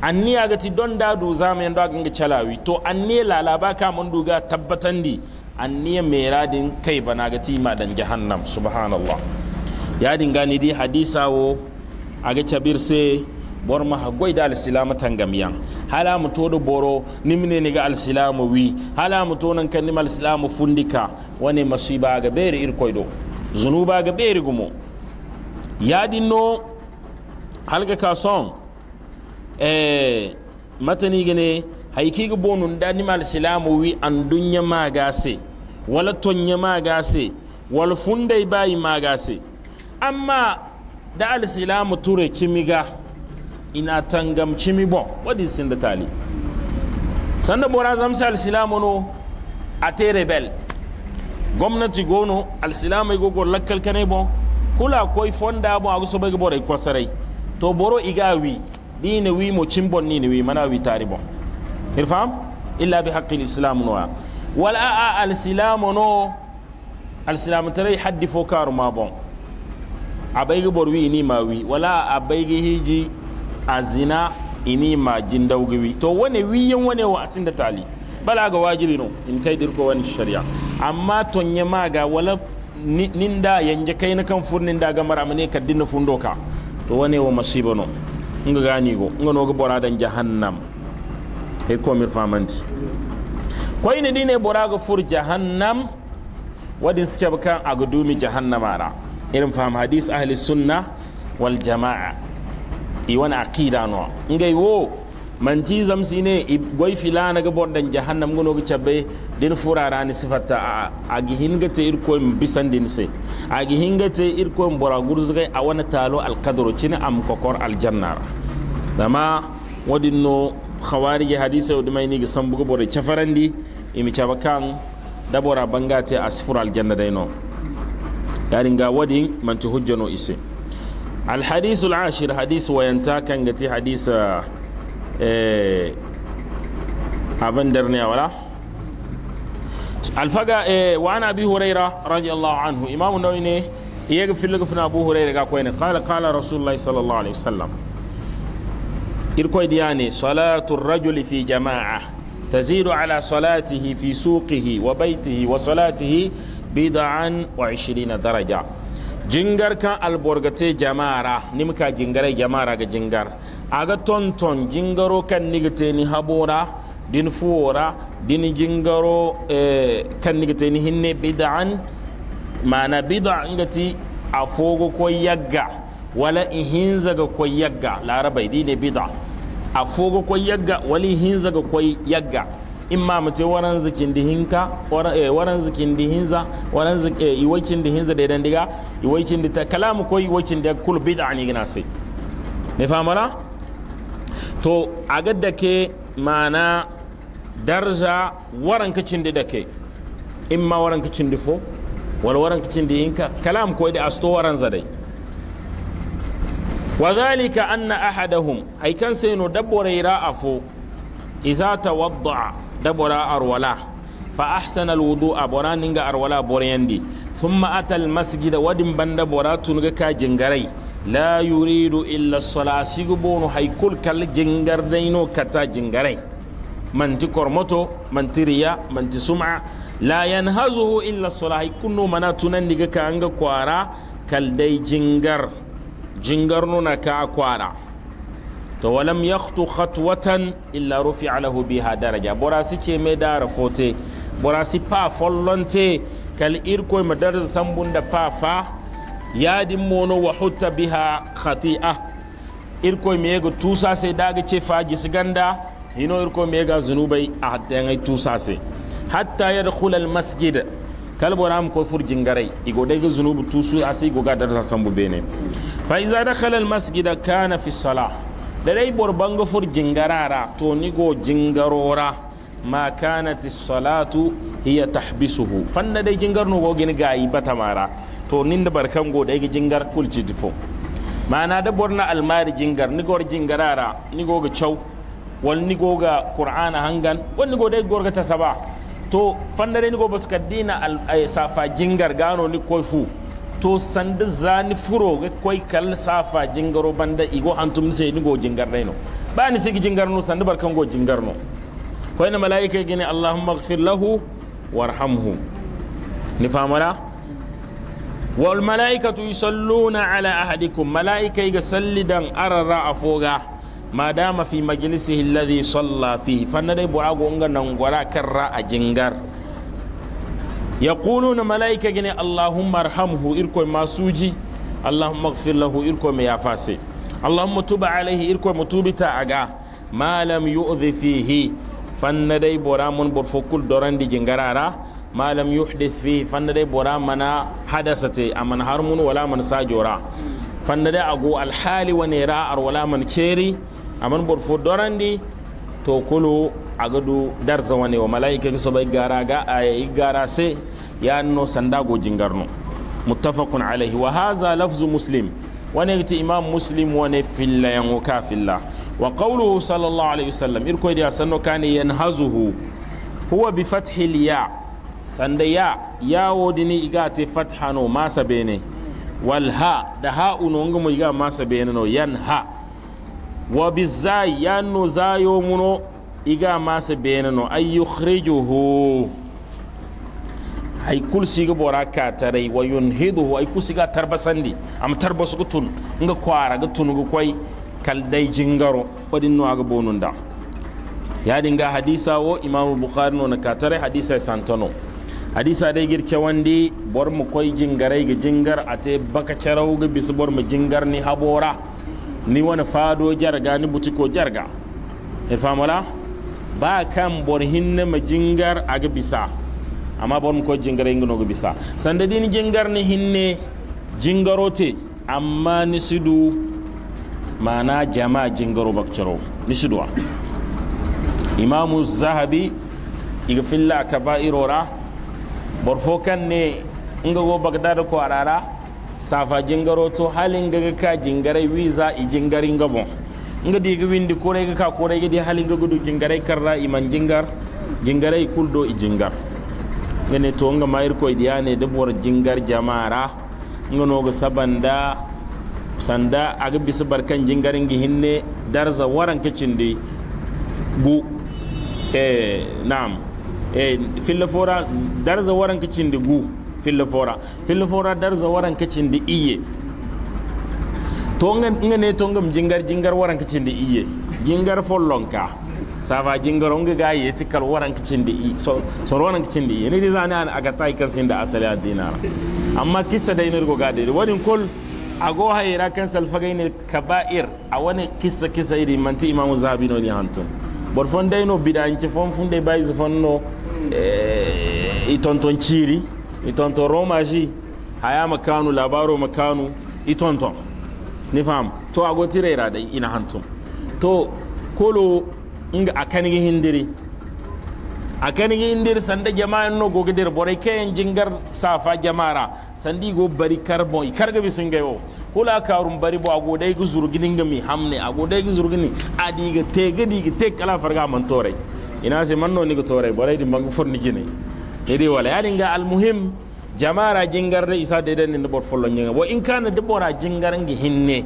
anniya ga ti don dadu zamayen da ga chalawi to anniya lala ba ka man duga tabbatan di anniya meradin kai bana ga ti ma dan jahannam subhanallah ya dinga ni di hadisa wo aga chabir sai bor ma ha goyda alsilama yan hala mu todo boro nimne ni ga alsilama wi hala mu to nan kan nimal alsilama fundika wani masiba ga beri ir koydo zunuba ga beri gumo yadinno halga ka son eh matani gene hayki ga bonun da nimal alsilama wi an dunya magase wala tonya magase wal fundai bayi magase amma da alsilama ture kimiga ina tangamci mi bon wadi da tali sanda bora zamsa alsilamu no te rebel gwamnati gono ya gogo lakkal kane bon kula koi fonda bon a agu bai bora kwasarai to boro iga wi ne wi mo cin bon ni ne wi mana wi tari bon irfam illa bi haqqi alislam no wal a alsilam no alsilam tare haddi fo karu ma bon abai bor wi ni ma wi wala abai hiji a zina ini jin daugawi to wane wiyan wane wa asin da tali bala ga wajiri no in kai dirko wani shari'a amma tonye maga wala ninda yanje kai na kan furnin da gamar amane ka dinna fundoka to wane wa masiba no nga gani go nga no ga bora dan jahannam he ko mir famanti koy ne dine bora ga fur jahannam wadin suke bakan a gudumi jahannama ra irin fam hadis ahli sunna wal jama'a iwan aqida no ngay wo manti zamsine goy filana ga dan jahannam gono ga cabbe din furara ni sifata a gihin te irko bisan din se a gihin te irko bora gurzu ga a wani talo alqadru cin am kokor aljanna dama wadin no khawari hadisa wadi mai ni ga sambu ga bora chafarandi imi dabora bangate a sifur aljanna dai no yarin ga manti hujjano ise الحديث العاشر حديث وينتا كان جتي حديث إيه أفندرني ولا الفجا إيه وعن أبي هريرة رضي الله عنه إمام نويني يغفر لغفنا أبو هريرة كوين قال قال رسول الله صلى الله عليه وسلم إركوي دياني صلاة الرجل في جماعة تزيد على صلاته في سوقه وبيته وصلاته بضعا وعشرين درجة jingar kan alborgate jamara nimka jingare jamara ga jingar aga tonton jingaro kan nigite ni habora din fuwora din jingaro eh, kan nigite ni hinne bid'an mana bid'a ngati afogo ko yagga wala ihinza ga ko yagga larabai dine bid'a afogo ko yagga wali hinza ga ko yagga imma mu te waran zikin dihinka eh, waran zikin dihinza waran zik eh, iwakin dihinza da dandiga iwakin da kalamu ko iwakin da kul bid'a ne gina sai ne famara to a gadda ke mana darja waran kacin da ke in ma waran kacin difo wal waran kacin dihinka kalam ko da asto waran zadai وذلك أن أحدهم أي كان سينو دبر إراء فو إذا توضع da bora arwala fa ahsana alwudu'a bora ninga arwala boryandi thumma ata almasjida wadin banda bora tunuga ka jingarai la yuridu illa as-sala sigu bonu haykul kal jingar daino kata jingarai manti kormoto manti riya manti sum'a la yanhazuhu illa as-sala mana tunan diga ka anga kwara kal dai jingar jingar nuna ka kwara to walam yakhtu khatwatan illa rufi alahu biha daraja bora ke me da rafote bora su pa follonte kal irko ma dar da pa fa din mono wa hutta biha khati'a irko me ga tusa se daga ce faji ganda hino irko me ga zunubai a hatta ngai tusa sai hatta dakhul al masjid kalbora am ko furjin garai igo daga zunubu tusu asi go ga sambu bene fa iza dakhala al masjid kana fi salah da dai borban gafur jingarara to ni go jingarora ma kanat salatu hiya tahbisuhu fanna dai jingar no go gin gayi batamara to nin da barkan go dai jingar kulci difo mana da borna almari jingar ni go jingarara ni go ga chau wal ni go ga qur'ana hangan wal ni go dai gorga ta saba to fanna dai ni go batukaddina eh, safa jingar gano ni koifu to sanda zani furo ga koy kal safa jingaro banda igo antum sai ni go jingar jingarno ba ni sigi jingar no sanda barkan go jingar no koy na malaika gini allahumma ighfir lahu warhamhu ni famala wal malaikatu yusalluna ala ahadikum malaika ga sallidan arara afoga ma dama fi majlisihi alladhi salla fihi fanna dai burago nga ngana gwara karra a jingar na malaika Gini allahumma arhamhu irko masuji allahumma ighfir lahu irko me yafase allahumma tuba alaihi irko mutubita aga ma lam yu'dhi fihi fanna dai bora mun bor fokul dorandi di ma lam yuhdith fihi fanna dai bora mana hadasate aman harmun wala man sajora fanna dai ago alhali wa nera ar wala man a aman bor doron di? to kulu agadu darza ne wa malaika ki sobai gara ga yi gara sai ya no sanda gojin jingarno muttafaqun alaihi wa haza lafzu muslim wani ta imam muslim wani filla yan ka filla wa qawluhu sallallahu alaihi wasallam irko da sanno kane yanhazuhu huwa bi fathi ya sanda ya ya wodini igate fathano masa bene wal ha da ha uno iga masa bene no yan ha wa bizai za zayo muno iga masa benano ay yukhrijuhu ay kulsiga bora katarai wa yunhiduhu ay kusiga tarbasandi am tarbasu tun nga kwara gutun ga kwai kaldai jingaro wadin no aga bonun da ya dinga hadisa wo imam bukhari no na katare hadisa santano hadisa dai girke wandi bor mu kwai jingarai ga jingar ate baka charau ga bisu bor mu jingar ni habora ni wani fado jarga ni butiko jarga e famola ba kan bor hinne ma jingar aga bisa amma bor ko jingar inginogo bisa sanda din jingar ni hinne jingarote amma ni sidu mana jama jingaro bakcaro ni siduwa imamu zahabi iga filla kaba'irora bor fo kan ne ingago bagdada ko arara safa jingaro to halin ga ka jingarai wiza i jingari ngabo nga ga windi kore ga ka kore ga di halin ga gudu jingarai karra man jingar jingarai kuldo i jingar ngene to nga mayir ko ne da bor jingar jamara nga no ga sabanda sanda aga bis barkan jingarin gi hinne darza waran kacin di bu eh nam eh fillafora darza waran kacin di gu filla fora filla fora darza waran kacin da iye to nga ne to ngam jingar jingar waran kacin da iye jingar follonka saba jingar onga ga ye tikal waran kacin da i so so waran kacin da iye ne dizani an aga tai kan sin da asali adina amma kissa dai ne go gade wani kol a ago hayra kan salfagai ne kaba'ir a wani kissa kissa iri manti imamu zabi no ni hantun bor fon dai no bidanci fon fun dai bai zafon no e tonton ciri itonton roma ji haya makanu labaro makanu itonto ni fam to ago tirera da ina hantum to kolo nga akanigi hindiri akanigi hindiri sanda jama'a no goge der bore kayan jingar safa jamara sandi go bari karbo karga sun gayo kula karum bari bo ago dai gu zurginin ga mi hamne ago dai gu zurgini adiga tege diga te kala farga man tore ina se manno ni go tore bore di mangu forni gine ede wala yani nga almuhim jamara da isa dede ne bor follo nyinga wo in kana debora jingar ngi hinne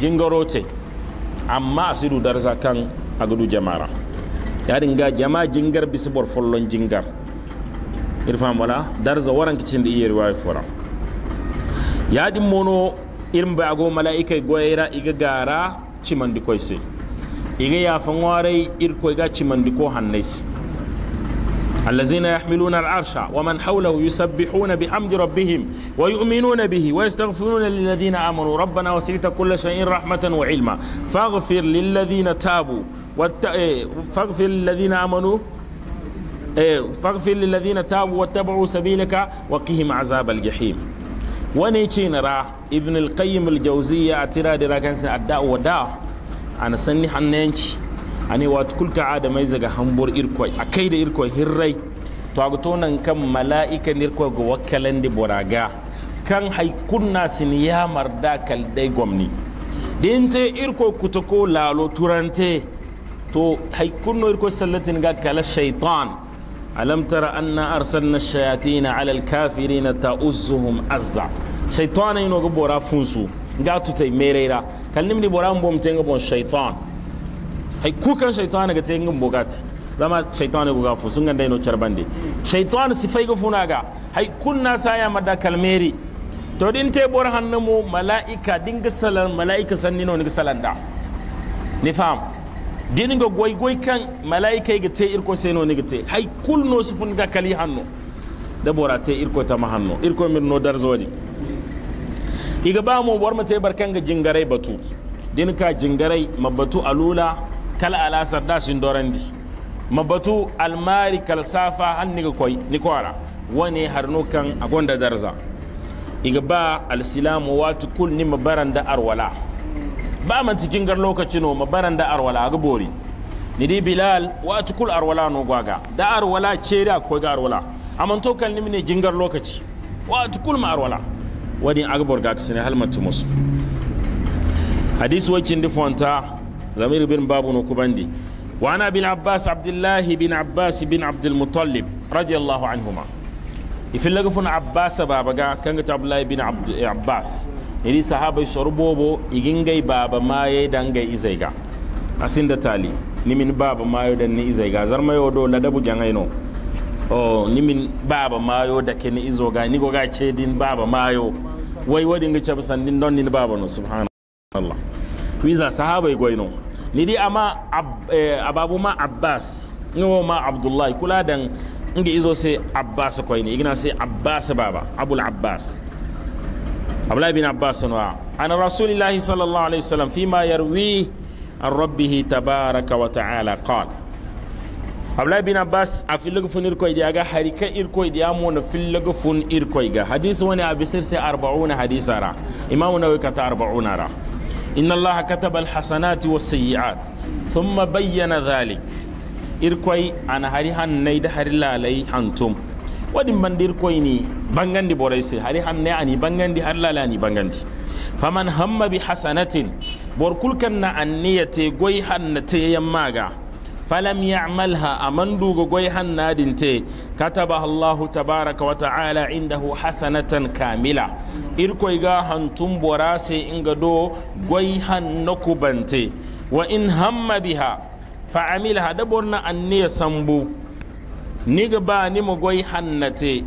jingarote amma asidu darsa kan agudu jamara yani nga jama jingar bisi bor follo jingar irfan wala darza waran kicin da iyar wayi fora yadi mono irin ba ago goya goyera iga gara cimandi koise iga yafan warai irko iga cimandi ko hannaisi الذين يحملون العرش ومن حوله يسبحون بحمد ربهم ويؤمنون به ويستغفرون للذين آمنوا ربنا وسعت كل شيء رحمة وعلما فاغفر للذين تابوا إيه، فاغفر للذين آمنوا إيه، فاغفر للذين تابوا واتبعوا سبيلك وقهم عذاب الجحيم wani ce na ابن القيم الجوزيه qayyim al-jawziyya وداه انا da rakansa ani wat kulka ada mai zaga hambur irkoi kai da irkoi hirrai to aga tonan kan mala'ika nirkoi ga wakalan di boraga kan haikunna sin ya marda kaldai gwamni dinte irko kutako lalo turante to haikunno irkoi sallatin ga kala shaytan alam tara anna arsalna shayatin ala kafirin ta'uzuhum azza shaytan ino ga bora funsu ga tutai mereira nimni bora mbom tenga bon shaytan hay kukan shaitani ga tayin bogati zama shaitani ga gafu sun ganda no charbande shaitani si fay funa ga hay kunna saya mada kalmeri to din te bor hannu mu malaika dinga salan malaika sanni no ni salanda ni fam din ga goy goy kan malaika ga te irko sai no ni gite te hay kul no su fun ga kali hannu da bora te irko ta ma hannu irko mir no dar zodi iga ba mu bor mate barkan ga jingarai batu din ka jingarai mabatu alula kala ala sarda sin dorandi mabatu almari safa an ni koy ni kwara wani harnu kan agonda darza iga ba alsilamu watu kul ni da arwala ba man cikin gar lokacin mabaran da arwala ga bori ni di bilal watu kul arwala no gwaga da arwala ce da ko ga arwala amma to kan ni ne jingar lokaci watu kul ma arwala wani agbor ga sine halmatu musu hadisi wakin difonta ضمير بن باب نكوبندي وانا بن عباس عبد الله بن عباس بن عبد المطلب رضي الله عنهما في لغفن عباس بابا كان عبد الله بن عبد عباس iri sahaba sorbobo igingai baba maye dangai izaiga asinda tali nimin baba mayo dan ni izaiga zarmayo do ladabu jangaino o nimin baba mayo da ke ni ga ni goga ce din baba mayo wai wadin ga cabsan din don ni baba no subhanallah wiza sahaba goino lidi ama eh, ababu ma abbas ngo ma abdullahi kula dan nga izo se abbas ko ini igna se abbas baba abul abbas abla bin abbas no an rasulillahi sallallahu alaihi wasallam ma yarwi an rabbih tabaraka wa ta'ala qala abla bin abbas a funir fun irkoy harika ir ko irkoy mo no na fun ir ko ga hadisi woni abisir se 40 hadisara imam nawawi ka 40 ra إن الله كتب الحسنات والسيئات ثم بين ذلك إركوي أنا هاري هن نيد هاري لا لي هنتم ودين بند إركوي ني بانغان بوريس بوريسي هاري هن ني بانغان دي هاري لا لا ني بانغان دي faman hamma bi hasanatin bor kulkan na anniya te goy falam ya'malha aman dugo goy hannadin te katabaha allah tabaraka wa ta'ala hu hasanatan kamila irkoy ga hantun borase inga do goy hanno kubante wa in hamma biha fa amilha da borna anniya sambu niga ba ni mu goy hannate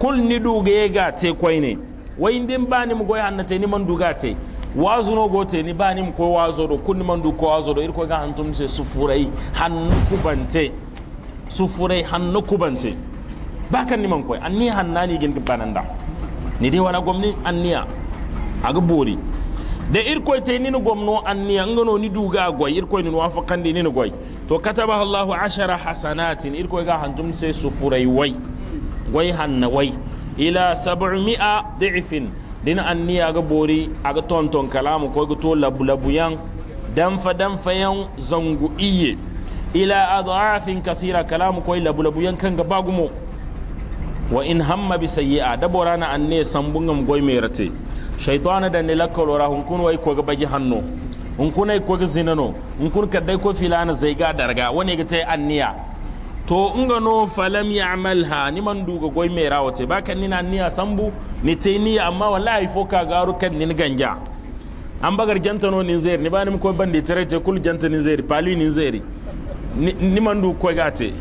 kul ni duga ga te koyne wai din ba ni mu goy hannate ni man duga te wazu no gote ni bani mko wazo do kunni mandu ko wazo do irko ga antum se sufurai hannu kubante sufurai hannu kubante bakan ni man koy anni hannani gin bananda ni dai wala gomni anniya aga bori da irko te ni no gomno anniya ngano ni duga go irko ni afa kandi ni no goy to kataba allah ashara hasanatin irko ga antum se sufurai wai wai hanna wai ila 700 da'ifin dina an ni aga bori aga tonton kalamu ko to labu labu yan danfa danfa yan zangu iye ila adhafin kathira kalamu ko labu labu yan kan gaba gumo wa in hamma bi sayyi'a dabora na an ne sambu goy merate shaytana da ne lakkalo ra hun kun wai ko ga bagi hanno hun kun ai ko ga zinano hun kun dai ko filana ga darga wani ga tai anniya to in ga no falam ya'malha ni man duga goy mera wate ba kan ni na niya sambu ni teni amma wallahi fo ka garu kan nin ganja an bagar janta no nin zeri ni bani ko bande tere kul janta nin zeri pali nin zeri ni mandu ko gate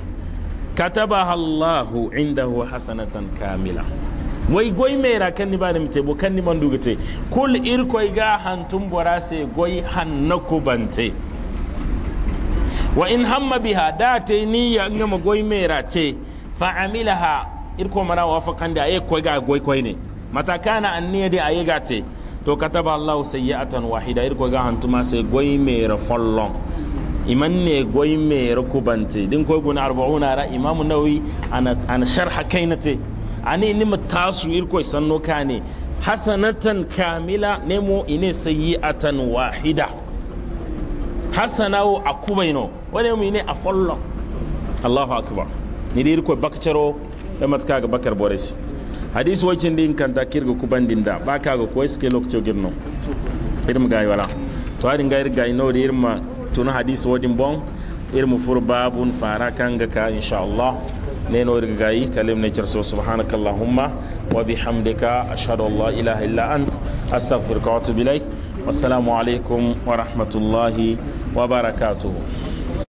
kataba Allahu indahu hasanatan kamila wai goy mera kan ni bani te bo kan ni mandu gate kul ir ko ga hantum bora se goy hannako bante wa in hamma biha da te ni ya ngama goy mera te fa amilaha irko mara wa fa kanda e ko ga goy koy ne mata kana ayi ayegate to kataba allahu sayyatan wahida irko ga hantuma sai goyi mere follon iman ne goyi mere kubante din koy guna arba'una ra imamu nawi ana ana sharha kainate ani ni mutasu irko sanno kane hasanatan kamila nemo ine sayyatan wahida hasanau akubaino wani mu ine a follon allahu akbar ni dirko bakcharo da matka ga bakar boris hadis wacin din kanta kirga ku bandinda ba ka ga ko iske lokacin girno irin ga wala to ari ga irga ino da irma tun hadis wadin bon irmu fur babun fara kan ga ka insha Allah ne no irga gayi kalim ne kirso subhanakallahumma wa bihamdika ashhadu an la ilaha illa ant astaghfiruka wa atubu ilaik wassalamu alaikum wa rahmatullahi wa barakatuh